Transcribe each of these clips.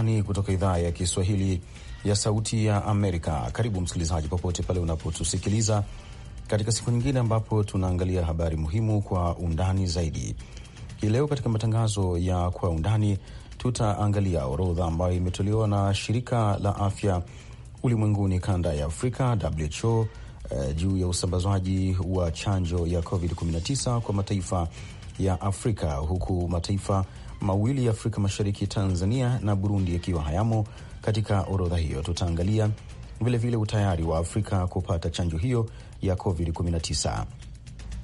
Undani kutoka idhaa ya Kiswahili ya Sauti ya Amerika. Karibu msikilizaji, popote pale unapotusikiliza katika siku nyingine ambapo tunaangalia habari muhimu kwa undani zaidi. Hii leo katika matangazo ya kwa undani tutaangalia orodha ambayo imetolewa na shirika la afya ulimwenguni kanda ya Afrika WHO eh, juu ya usambazwaji wa chanjo ya COVID-19 kwa mataifa ya Afrika, huku mataifa mawili ya Afrika Mashariki, Tanzania na Burundi yakiwa hayamo katika orodha hiyo. Tutaangalia vilevile utayari wa Afrika kupata chanjo hiyo ya COVID-19.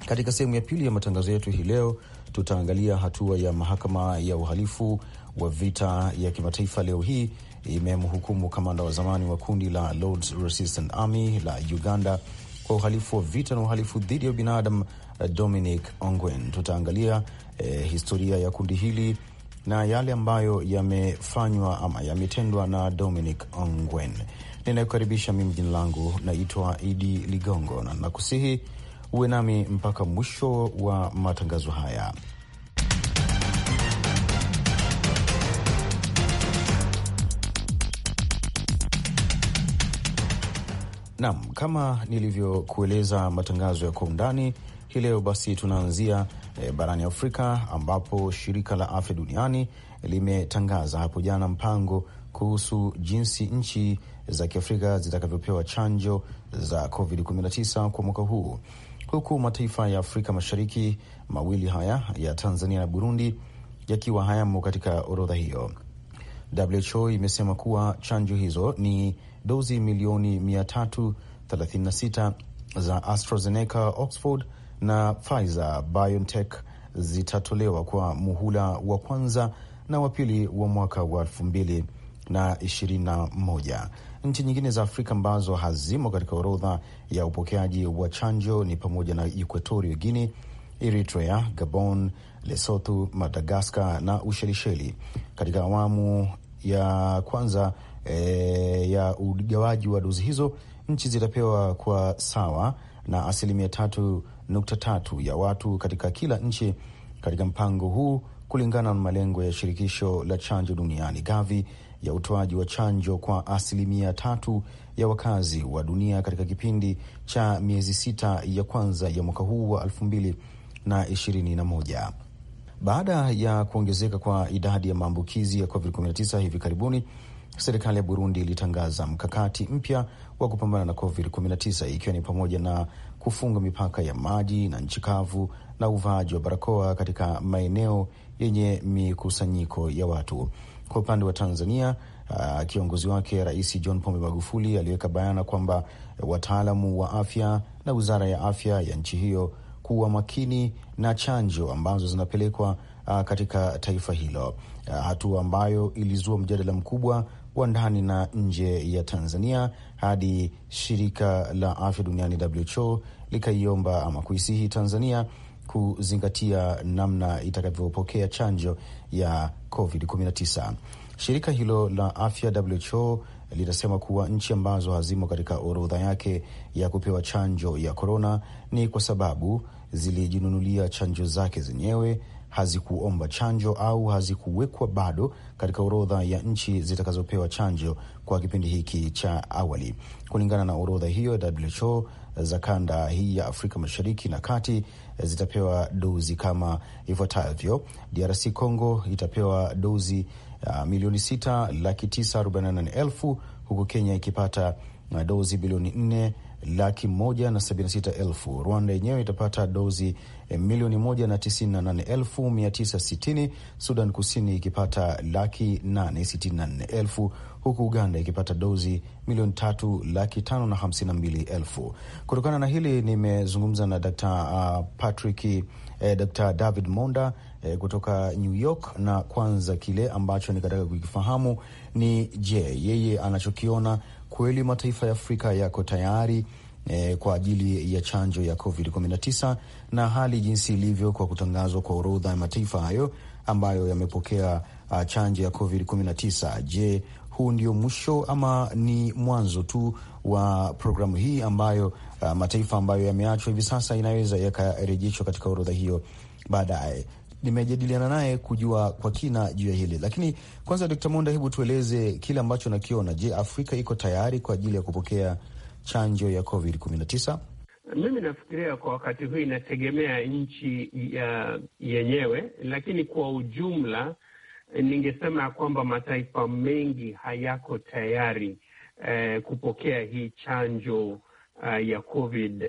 Katika sehemu ya pili ya matangazo yetu hii leo, tutaangalia hatua ya mahakama ya uhalifu wa vita ya kimataifa leo hii imemhukumu kamanda wa zamani wa kundi la Lords Resistance Army la Uganda kwa uhalifu wa vita na uhalifu dhidi ya binadamu Dominic Ongwen. Tutaangalia eh, historia ya kundi hili na yale ambayo yamefanywa ama yametendwa na Dominic Ongwen. Ninayokaribisha mimi, jina langu naitwa Idi Ligongo na nakusihi uwe nami mpaka mwisho wa matangazo haya. nam kama nilivyokueleza, matangazo ya kwa undani hii leo basi tunaanzia eh, barani Afrika ambapo shirika la afya duniani limetangaza hapo jana mpango kuhusu jinsi nchi za Kiafrika zitakavyopewa chanjo za COVID-19 kwa mwaka huu, huku mataifa ya Afrika Mashariki mawili haya ya Tanzania na Burundi yakiwa hayamo katika orodha hiyo. WHO imesema kuwa chanjo hizo ni dozi milioni 336 za AstraZeneca, Oxford na Pfizer BioNTech zitatolewa kwa muhula wa kwanza na wa pili wa mwaka wa elfu mbili na ishirini na moja. Nchi nyingine za Afrika ambazo hazimo katika orodha ya upokeaji wa chanjo ni pamoja na Equatorio Guinea, Eritrea, Gabon, Lesotho, Madagaskar na Ushelisheli. Katika awamu ya kwanza e, ya ugawaji wa dozi hizo, nchi zitapewa kwa sawa na asilimia tatu nukta tatu ya watu katika kila nchi katika mpango huu kulingana na malengo ya shirikisho la chanjo duniani Gavi ya utoaji wa chanjo kwa asilimia tatu ya wakazi wa dunia katika kipindi cha miezi sita ya kwanza ya mwaka huu wa elfu mbili na ishirini na moja. Baada ya kuongezeka kwa idadi ya maambukizi ya COVID-19 hivi karibuni serikali ya Burundi ilitangaza mkakati mpya wa kupambana na COVID-19 ikiwa ni pamoja na kufunga mipaka ya maji na nchi kavu na uvaaji wa barakoa katika maeneo yenye mikusanyiko ya watu. Kwa upande wa Tanzania, uh, kiongozi wake Rais John Pombe Magufuli aliweka bayana kwamba wataalamu wa afya na wizara ya afya ya nchi hiyo kuwa makini na chanjo ambazo zinapelekwa uh, katika taifa hilo, uh, hatua ambayo ilizua mjadala mkubwa wa ndani na nje ya Tanzania hadi shirika la afya duniani WHO likaiomba ama kuisihi Tanzania kuzingatia namna itakavyopokea chanjo ya COVID-19. Shirika hilo la afya WHO linasema kuwa nchi ambazo hazimo katika orodha yake ya kupewa chanjo ya korona ni kwa sababu zilijinunulia chanjo zake zenyewe hazikuomba chanjo au hazikuwekwa bado katika orodha ya nchi zitakazopewa chanjo kwa kipindi hiki cha awali. Kulingana na orodha hiyo, WHO za kanda hii ya Afrika Mashariki na Kati eh, zitapewa dozi kama ifuatavyo: DRC Congo itapewa dozi uh, milioni sita laki tisa arobaini na nane elfu huku Kenya ikipata ah, dozi bilioni nne laki moja na sabini na sita elfu. Rwanda yenyewe itapata dozi eh, milioni moja na tisini na nane elfu mia tisa sitini, Sudan Kusini ikipata laki nane sitini na nne elfu huku Uganda ikipata dozi milioni tatu laki tano na hamsini na mbili elfu. Kutokana na hili nimezungumza na Dkt ah, Patrick eh, Dkt David Monda eh, kutoka New York, na kwanza kile ambacho nikataka kukifahamu ni je, yeye anachokiona kweli mataifa ya Afrika yako tayari e, kwa ajili ya chanjo ya COVID-19 na hali jinsi ilivyo kwa kutangazwa kwa orodha ya mataifa hayo ambayo yamepokea uh, chanjo ya COVID-19. Je, huu ndio mwisho ama ni mwanzo tu wa programu hii ambayo uh, mataifa ambayo yameachwa hivi sasa inaweza yakarejeshwa katika orodha hiyo baadaye nimejadiliana naye kujua kwa kina juu ya hili. Lakini kwanza, Dkt. Monda, hebu tueleze kile ambacho nakiona. Je, Afrika iko tayari kwa ajili ya kupokea chanjo ya Covid 19? Mimi nafikiria kwa wakati huu inategemea nchi yenyewe, lakini kwa ujumla ningesema ya kwamba mataifa mengi hayako tayari eh, kupokea hii chanjo eh, ya Covid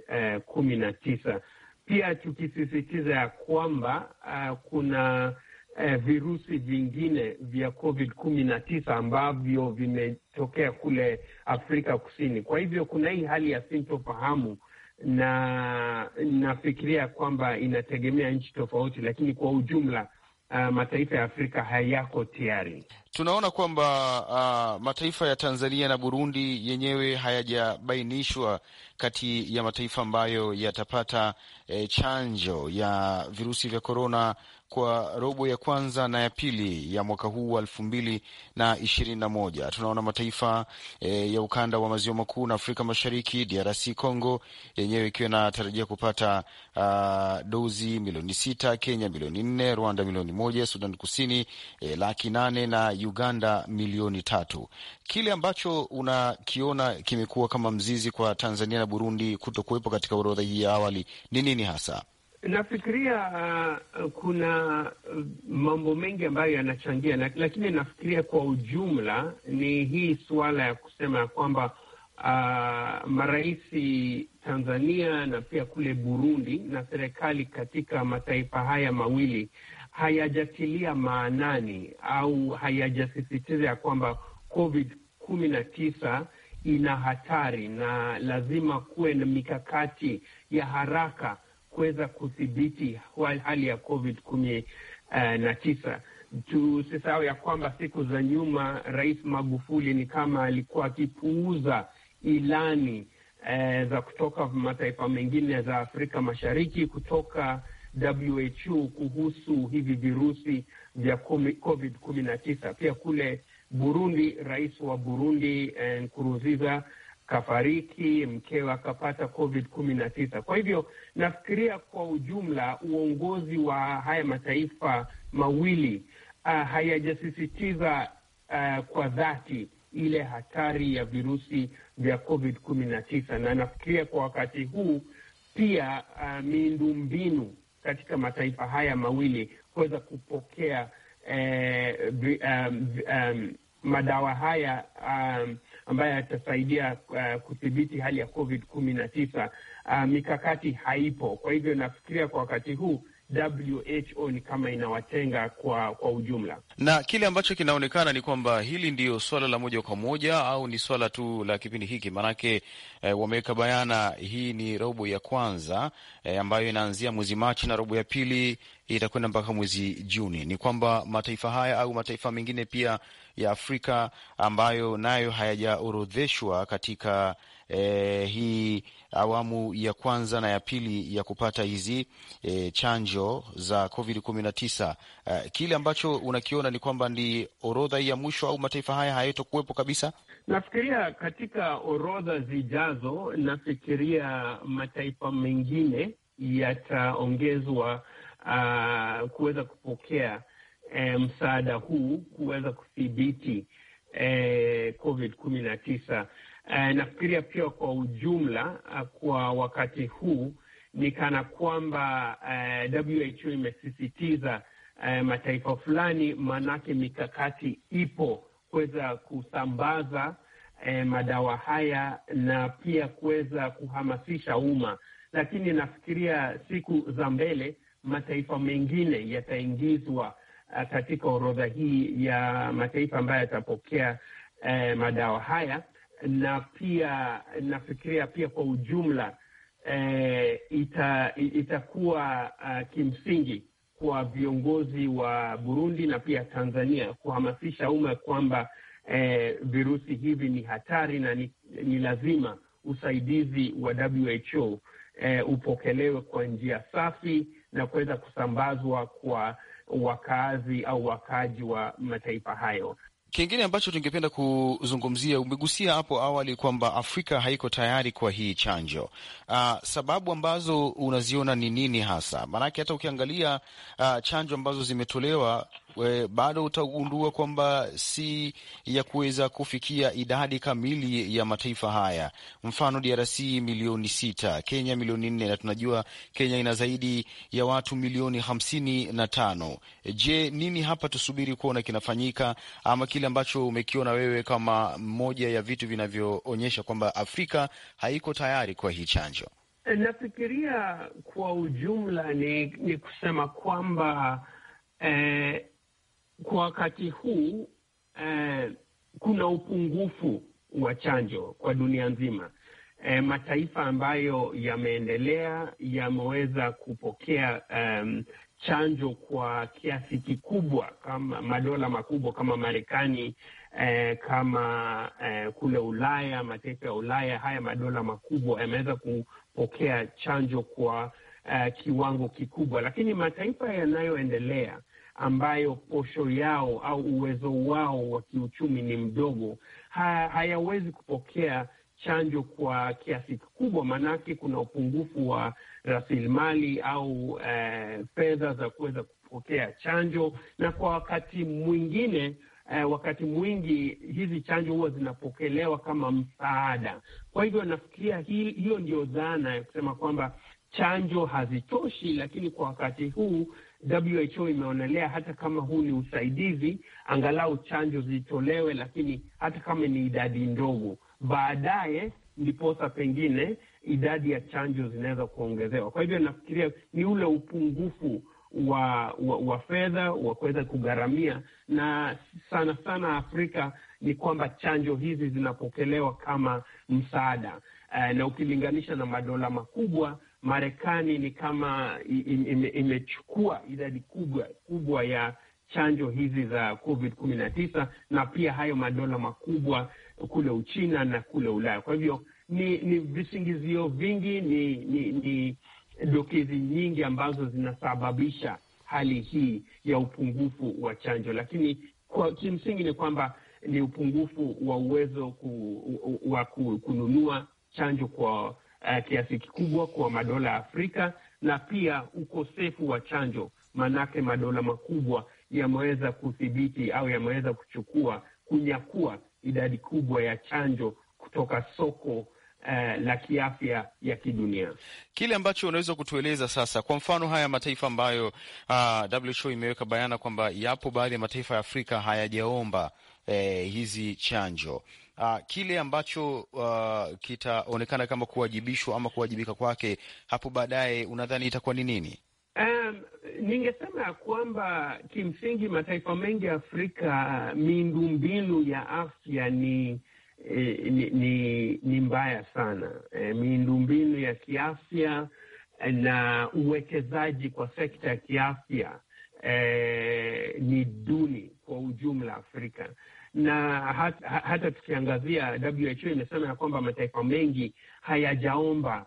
kumi na tisa pia tukisisitiza ya kwamba uh, kuna uh, virusi vingine vya COVID kumi na tisa ambavyo vimetokea kule Afrika Kusini. Kwa hivyo kuna hii hali ya sintofahamu, na nafikiria kwamba inategemea nchi tofauti, lakini kwa ujumla uh, mataifa ya Afrika hayako tayari tunaona kwamba uh, mataifa ya Tanzania na Burundi yenyewe hayajabainishwa kati ya mataifa ambayo yatapata eh, chanjo ya virusi vya korona kwa robo ya kwanza na ya pili ya mwaka huu wa elfu mbili na ishirini na moja. Tunaona mataifa e, ya ukanda wa maziwa makuu na Afrika Mashariki, DRC Congo yenyewe ikiwa inatarajia kupata uh, dozi milioni sita, Kenya milioni nne, Rwanda milioni moja, Sudan Kusini e, laki nane na Uganda milioni tatu. Kile ambacho unakiona kimekuwa kama mzizi kwa Tanzania na Burundi kuto kuwepo katika orodha hii ya awali ni nini hasa? Nafikiria uh, uh kuna uh, mambo mengi ambayo yanachangia, lakini nafikiria kwa ujumla ni hii suala ya kusema ya kwamba uh, maraisi Tanzania na pia kule Burundi na serikali katika mataifa haya mawili hayajatilia maanani au hayajasisitiza ya kwamba COVID kumi na tisa ina hatari na lazima kuwe na mikakati ya haraka kuweza kudhibiti hali ya COVID kumi na tisa. Tusisahau ya kwamba siku za nyuma Rais Magufuli ni kama alikuwa akipuuza ilani eh, za kutoka mataifa mengine za Afrika Mashariki kutoka WHO kuhusu hivi virusi vya COVID 19. Pia kule Burundi, rais wa Burundi eh, Nkurunziza kafariki, mkewe akapata COVID 19. Kwa hivyo nafikiria kwa ujumla uongozi wa haya mataifa mawili uh, hayajasisitiza uh, kwa dhati ile hatari ya virusi vya COVID 19, na nafikiria kwa wakati huu pia uh, miundombinu katika mataifa haya mawili kuweza kupokea eh, um, um, madawa haya um, ambayo yatasaidia uh, kudhibiti hali ya COVID kumi na tisa. Uh, mikakati haipo. Kwa hivyo nafikiria kwa wakati huu WHO ni kama inawatenga kwa kwa ujumla, na kile ambacho kinaonekana ni kwamba hili ndiyo swala la moja kwa moja au ni swala tu la kipindi hiki. Maanake eh, wameweka bayana hii ni robo ya kwanza eh, ambayo inaanzia mwezi Machi na robo ya pili itakwenda mpaka mwezi Juni. Ni kwamba mataifa haya au mataifa mengine pia ya Afrika ambayo nayo hayajaorodheshwa katika e, hii awamu ya kwanza na ya pili ya kupata hizi e, chanjo za Covid kumi e, na tisa, kile ambacho unakiona ni kwamba ni orodha hii ya mwisho au mataifa haya kuwepo kabisa? Nafikiria katika orodha zijazo, nafikiria mataifa mengine yataongezwa uh, kuweza kupokea eh, msaada huu kuweza kudhibiti eh, Covid kumi na tisa Eh, nafikiria pia kwa ujumla eh, kwa wakati huu ni kana kwamba eh, WHO imesisitiza eh, mataifa fulani, maanake mikakati ipo kuweza kusambaza eh, madawa haya na pia kuweza kuhamasisha umma, lakini nafikiria siku za mbele mataifa mengine yataingizwa eh, katika orodha hii ya mataifa ambayo yatapokea eh, madawa haya na pia nafikiria pia kwa ujumla eh, ita, itakuwa uh, kimsingi kwa viongozi wa Burundi na pia Tanzania kuhamasisha umma kwamba eh, virusi hivi ni hatari na ni, ni lazima usaidizi wa WHO eh, upokelewe kwa njia safi na kuweza kusambazwa kwa wakaazi au wakaaji wa mataifa hayo. Kingine ambacho tungependa kuzungumzia, umegusia hapo awali kwamba Afrika haiko tayari kwa hii chanjo. Uh, sababu ambazo unaziona ni nini hasa? Maanake hata ukiangalia uh, chanjo ambazo zimetolewa e, bado utagundua kwamba si ya kuweza kufikia idadi kamili ya mataifa haya. Mfano DRC milioni sita, Kenya milioni nne, na tunajua Kenya ina zaidi ya watu milioni hamsini na tano. Je, nini hapa tusubiri kuona kinafanyika ama kile ambacho umekiona wewe kama moja ya vitu vinavyoonyesha kwamba Afrika haiko tayari kwa hii chanjo? Nafikiria kwa ujumla ni, ni kusema kwamba eh, kwa wakati huu eh, kuna upungufu wa chanjo kwa dunia nzima. E, mataifa ambayo yameendelea yameweza kupokea um, chanjo kwa kiasi kikubwa, kama madola makubwa kama Marekani eh, kama eh, kule Ulaya, mataifa ya Ulaya, haya madola makubwa yameweza kupokea chanjo kwa uh, kiwango kikubwa, lakini mataifa yanayoendelea ambayo posho yao au uwezo wao wa kiuchumi ni mdogo, ha, hayawezi kupokea chanjo kwa kiasi kikubwa, maanake kuna upungufu wa rasilimali au eh, fedha za kuweza kupokea chanjo, na kwa wakati mwingine eh, wakati mwingi hizi chanjo huwa zinapokelewa kama msaada. Kwa hivyo nafikiria hi, hiyo ndio dhana ya kusema kwamba chanjo hazitoshi, lakini kwa wakati huu WHO imeonelea hata kama huu ni usaidizi, angalau chanjo zitolewe, lakini hata kama ni idadi ndogo, baadaye ndiposa pengine idadi ya chanjo zinaweza kuongezewa. Kwa hivyo nafikiria ni ule upungufu wa wa fedha wa, wa kuweza kugharamia, na sana sana Afrika ni kwamba chanjo hizi zinapokelewa kama msaada uh, na ukilinganisha na madola makubwa Marekani ni kama imechukua idadi kubwa kubwa ya chanjo hizi za COVID kumi na tisa na pia hayo madola makubwa kule Uchina na kule Ulaya. Kwa hivyo ni, ni visingizio vingi, ni, ni, ni dokezi nyingi ambazo zinasababisha hali hii ya upungufu wa chanjo, lakini kwa kimsingi ni kwamba ni upungufu wa uwezo ku, wa ku, kununua chanjo kwa uh, kiasi kikubwa kwa madola ya Afrika na pia ukosefu wa chanjo, manake madola makubwa yameweza kudhibiti au yameweza kuchukua kunyakua idadi kubwa ya chanjo kutoka soko Uh, la kiafya ya kidunia. Kile ambacho unaweza kutueleza sasa, kwa mfano haya mataifa ambayo uh, ah, WHO imeweka bayana kwamba yapo baadhi ya mataifa ya Afrika hayajaomba eh, hizi chanjo uh, kile ambacho uh, kitaonekana kama kuwajibishwa ama kuwajibika kwake hapo baadaye, unadhani itakuwa ni nini? Um, ningesema ya kwamba kimsingi mataifa mengi ya Afrika miundombinu ya afya ni eh, ni, ni, ni mbaya sana eh, miundu miundombinu ya kiafya na uwekezaji kwa sekta ya kiafya e, ni duni kwa ujumla Afrika na hata, hata tukiangazia WHO imesema ya kwamba mataifa mengi hayajaomba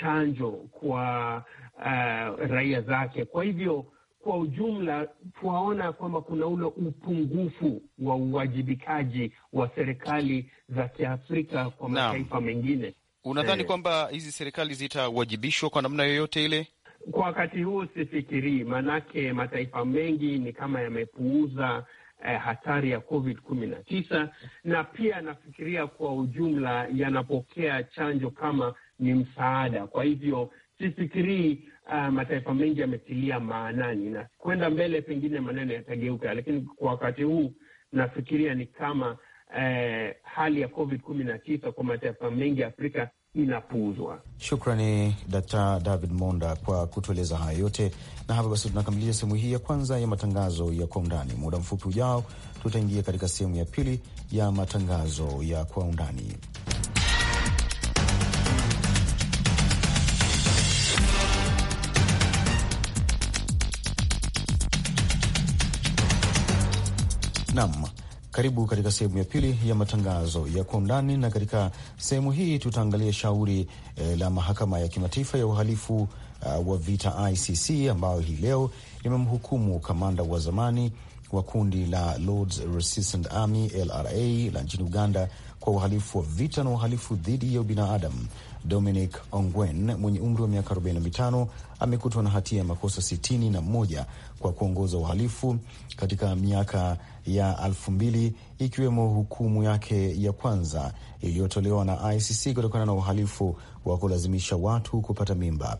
chanjo kwa uh, raia zake. Kwa hivyo kwa ujumla tuwaona kwamba kuna ule upungufu wa uwajibikaji wa serikali za Kiafrika kwa mataifa mengine. Unadhani eh, kwamba hizi serikali zitawajibishwa kwa namna yoyote ile? Kwa wakati huu sifikirii, maanake mataifa mengi ni kama yamepuuza eh, hatari ya Covid kumi na tisa, na pia nafikiria kwa ujumla yanapokea chanjo kama ni msaada. Kwa hivyo sifikirii uh, ah, mataifa mengi yametilia maanani, na kwenda mbele pengine maneno yatageuka, lakini kwa wakati huu nafikiria ni kama eh, hali ya Covid kumi na tisa kwa mataifa mengi ya Afrika inapuuzwa. Shukrani Dkt. David Monda kwa kutueleza haya yote, na hapa basi tunakamilisha sehemu hii ya kwanza ya matangazo ya kwa undani. Muda mfupi ujao, tutaingia katika sehemu ya pili ya matangazo ya kwa undani. Nam karibu katika sehemu ya pili ya matangazo ya kwa undani, na katika sehemu hii tutaangalia shauri eh, la mahakama ya kimataifa ya uhalifu uh, wa vita ICC ambayo hii leo imemhukumu kamanda wa zamani wa kundi la Lords Resistance Army LRA la nchini Uganda kwa uhalifu wa vita na uhalifu dhidi ya ubinadamu Dominic Ongwen mwenye umri wa miaka 45 amekutwa na hatia ya makosa 61 kwa kuongoza uhalifu katika miaka ya alfu ikiwemo hukumu yake ya kwanza iliyotolewa na ICC kutokana na uhalifu wa kulazimisha watu kupata mimba.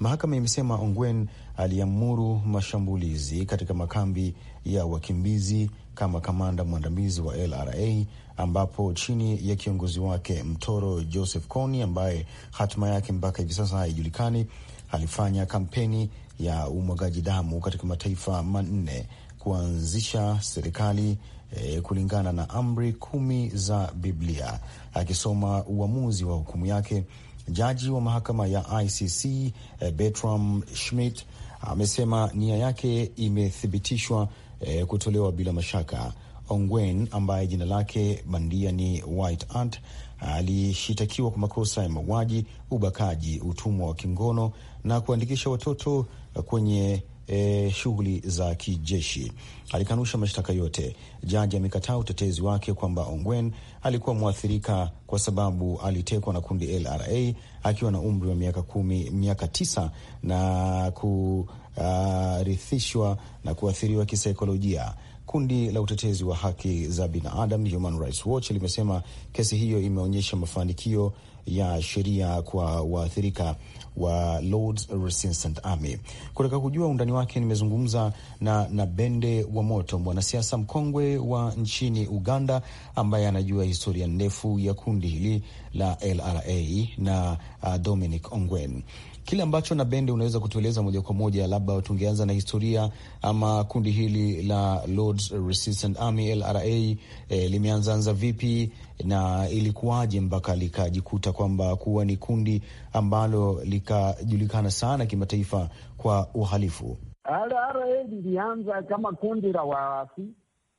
Mahakama imesema Ongwen aliamuru mashambulizi katika makambi ya wakimbizi kama kamanda mwandamizi wa LRA ambapo chini ya kiongozi wake Mtoro Joseph Kony ambaye hatima yake mpaka hivi sasa haijulikani, alifanya kampeni ya umwagaji damu katika mataifa manne kuanzisha serikali e, kulingana na amri kumi za Biblia. Akisoma uamuzi wa hukumu yake, jaji wa mahakama ya ICC e, eh, Bertram Schmidt amesema nia yake imethibitishwa eh, kutolewa bila mashaka. Ongwen ambaye jina lake bandia ni White Ant alishitakiwa kwa makosa ya mauaji, ubakaji, utumwa wa kingono na kuandikisha watoto kwenye E, shughuli za kijeshi. Alikanusha mashtaka yote. Jaji amekataa utetezi wake kwamba Ongwen alikuwa mwathirika kwa sababu alitekwa na kundi LRA akiwa na umri wa miaka kumi, miaka tisa na ku kurithishwa na kuathiriwa kisaikolojia. Kundi la utetezi wa haki za binadamu Human Rights Watch limesema kesi hiyo imeonyesha mafanikio ya sheria kwa waathirika wa Lord's Resistance Army. Kutaka kujua undani wake, nimezungumza na Nabende wa Moto, mwanasiasa mkongwe wa nchini Uganda, ambaye anajua historia ndefu ya kundi hili la LRA na uh, Dominic Ongwen kile ambacho na Bende unaweza kutueleza moja kwa moja, labda tungeanza na historia ama kundi hili la Lords Resistance Army LRA e, eh, limeanzaanza vipi na ilikuwaje mpaka likajikuta kwamba kuwa ni kundi ambalo likajulikana sana kimataifa kwa uhalifu? LRA lilianza kama kundi la waasi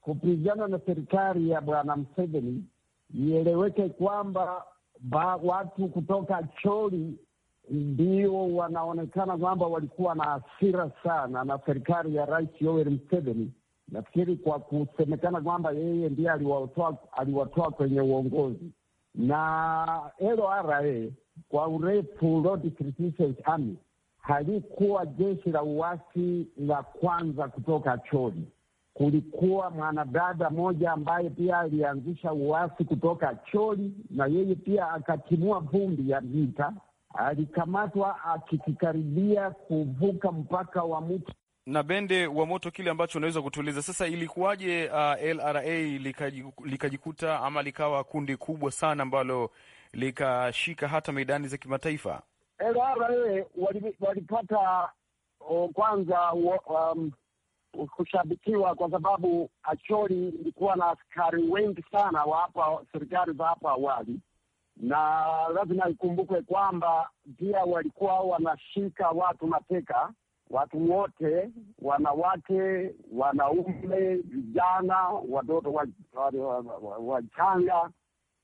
kupigana na serikali ya Bwana Museveni. Ieleweke kwamba ba, watu kutoka Choli ndio wanaonekana kwamba walikuwa na hasira sana na serikali ya Rais Yoweri Museveni. Nafikiri kwa kusemekana kwamba yeye ndiye aliwatoa aliwatoa kwenye uongozi na LRA kwa urefu Lord's Resistance Army halikuwa jeshi la uasi la kwanza kutoka chooni. Kulikuwa mwanadada moja ambaye pia alianzisha uasi kutoka choli na yeye pia akatimua vumbi ya vita alikamatwa akikikaribia kuvuka mpaka wa mtu na Bende wa Moto, kile ambacho unaweza kutueleza sasa, ilikuwaje uh, LRA likajikuta ama likawa kundi kubwa sana ambalo likashika hata maidani za kimataifa? LRA walipata kwanza um, kushabikiwa kwa sababu Acholi ilikuwa na askari wengi sana wa hapa serikali za hapa awali na lazima ikumbukwe kwamba pia walikuwa wanashika watu mateka, watu wote, wanawake, wanaume, vijana, watoto wachanga.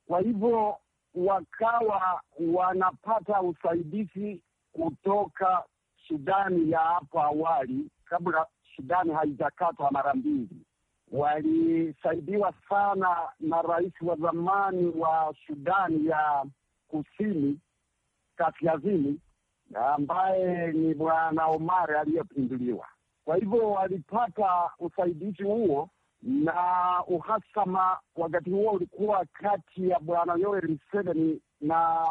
Kwa hivyo wakawa wanapata usaidizi kutoka Sudani ya hapo awali, kabla Sudani haijakatwa mara mbili walisaidiwa sana na rais wa zamani wa Sudani ya kusini kaskazini, ambaye ni bwana Omar aliyepinduliwa. Kwa hivyo walipata usaidizi huo, na uhasama wakati huo ulikuwa kati ya bwana Yoweri Museveni na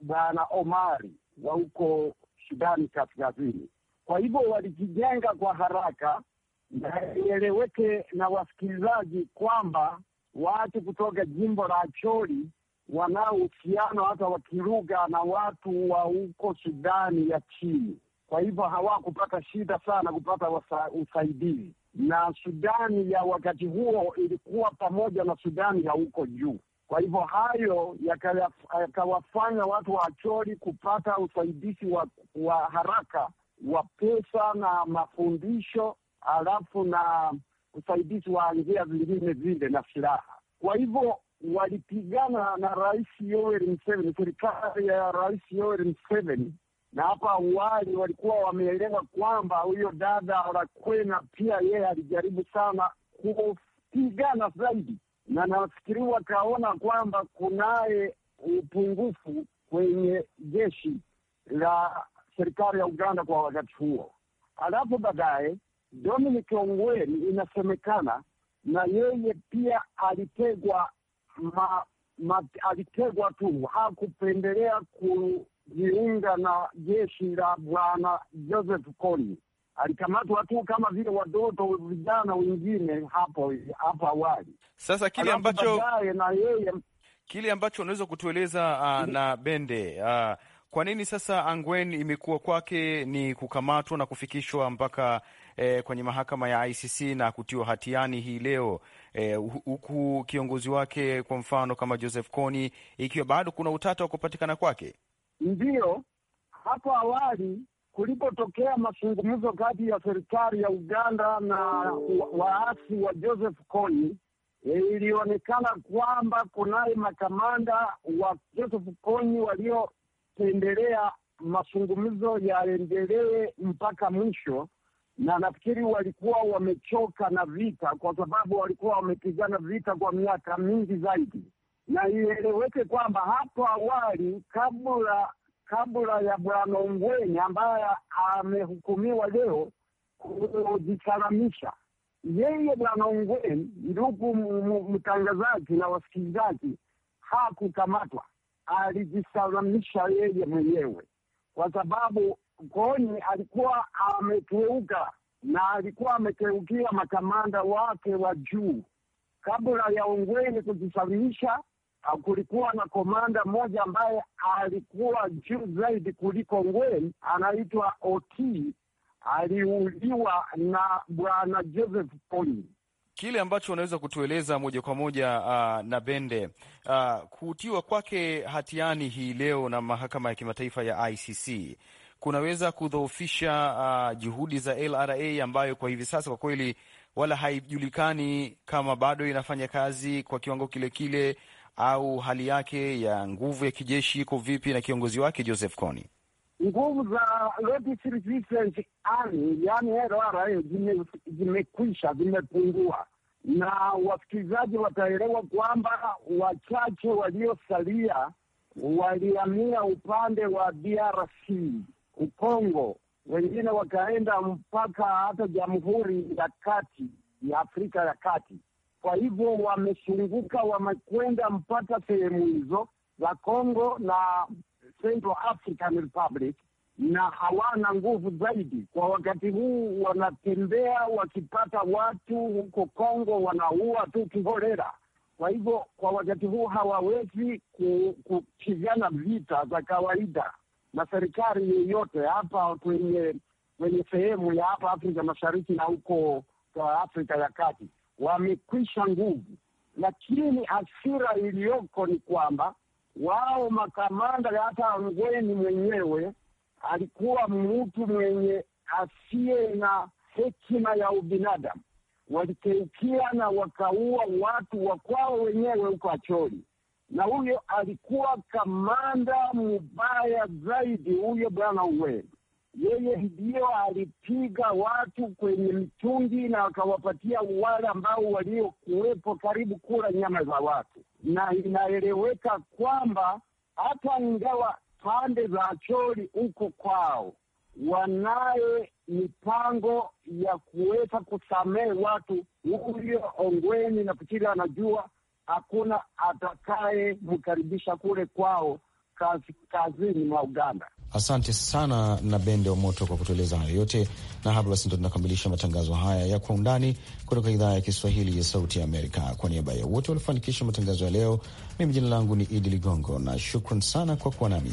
bwana Omari wa huko Sudani kaskazini. Kwa hivyo walijijenga kwa haraka na ieleweke na wasikilizaji kwamba watu kutoka jimbo la Acholi wanao uhusiano hata wa kilugha na watu wa huko Sudani ya chini. Kwa hivyo hawakupata shida sana kupata wasa, usaidizi. Na Sudani ya wakati huo ilikuwa pamoja na Sudani ya huko juu. Kwa hivyo hayo yakawafanya watu wa Acholi kupata usaidizi wa, wa haraka wa pesa na mafundisho alafu na usaidizi wa njia zingine zile na silaha. Kwa hivyo walipigana na Rais Yoweri Museveni, serikali ya Rais Yoweri Museveni, na hapa awali walikuwa wameelewa kwamba huyo dada Rakwena pia yeye alijaribu sana kupigana zaidi, na nafikiri wakaona kwamba kunaye upungufu kwenye jeshi la serikali ya Uganda kwa wakati huo. Alafu baadaye Dominic Ongwen inasemekana na yeye pia alitegwa ma, ma, alitegwa tu, hakupendelea kujiunga na jeshi la bwana Joseph Kony. Alikamatwa tu kama vile watoto vijana wengine hapo hapo awali. Sasa kile ambacho na yeye kile ambacho unaweza kutueleza uh, mhm. na Bende uh, kwa nini sasa Angwen imekuwa kwake ni kukamatwa na kufikishwa mpaka e, kwenye mahakama ya ICC na kutiwa hatiani hii leo e, huku kiongozi wake kwa mfano kama Joseph Kony, ikiwa bado kuna utata wa kupatikana kwake. Ndiyo, hapo awali kulipotokea mazungumzo kati ya serikali ya Uganda na waasi wa Joseph Kony, e, ilionekana kwamba kunaye makamanda wa Joseph Kony waliopendelea mazungumzo yaendelee mpaka mwisho, na nafikiri walikuwa wamechoka na vita, kwa sababu walikuwa wamepigana vita kwa miaka mingi zaidi. Na ieleweke kwamba hapo awali kabla kabla ya Bwana Ongwen ambaye amehukumiwa leo kujisalamisha, yeye Bwana Ongwen, ndugu mtangazaji na wasikilizaji, hakukamatwa, alijisalamisha yeye mwenyewe kwa sababu Kony alikuwa ameteuka na alikuwa ameteukia makamanda wake wa juu. Kabla ya ungweni kujisalimisha, ah, kulikuwa na komanda mmoja ambaye alikuwa juu zaidi kuliko ngweni anaitwa Oti, aliuliwa na bwana Joseph poni Kile ambacho unaweza kutueleza moja kwa moja uh, na Bende uh, kutiwa kwake hatiani hii leo na mahakama ya kimataifa ya ICC kunaweza kudhoofisha uh, juhudi za LRA ambayo kwa hivi sasa kwa kweli wala haijulikani kama bado inafanya kazi kwa kiwango kile kile au hali yake ya nguvu ya kijeshi iko vipi, na kiongozi wake Joseph Kony. Nguvu za Rapid Resistance Army LRA zimekwisha, zimepungua, na wasikilizaji wataelewa kwamba wachache waliosalia waliamia upande wa DRC kongo wengine wakaenda mpaka hata Jamhuri ya Kati ya Afrika ya Kati. Kwa hivyo wameshunguka, wamekwenda mpaka sehemu hizo za kongo na Central African Republic, na hawana nguvu zaidi kwa wakati huu. Wanatembea wakipata watu huko kongo wanaua tu kiholela. Kwa hivyo kwa wakati huu hawawezi kupigana vita za kawaida na serikali yoyote hapa kwenye kwenye sehemu ya hapa Afrika Mashariki na huko kwa Afrika ya Kati wamekwisha nguvu, lakini asira iliyoko ni kwamba wao makamanda, hata Ngweni mwenyewe alikuwa mtu mwenye asiye na hekima ya ubinadamu, walikeukia na wakaua watu wa kwao wenyewe huko Acholi na huyo alikuwa kamanda mubaya zaidi, huyo bwana uwe Yeye ndiyo alipiga watu kwenye mitungi na akawapatia wale ambao waliokuwepo karibu kula nyama za watu, na inaeleweka kwamba hata ingawa pande za Acholi huko kwao wanaye mipango ya kuweza kusamehe watu, huyo Ongweni na fikiri anajua hakuna mkaribisha kule kwao kazini mwa Uganda. Asante sana na Bende wa Moto kwa kutueleza hayo yote, na hapa basi ndo tunakamilisha matangazo haya ya Kwa Undani kutoka idhaa ya Kiswahili ya Sauti ya Amerika. Kwa niaba ya wote waliofanikisha matangazo ya leo, mimi jina langu ni Idi Ligongo na shukran sana kwa kuwa nami.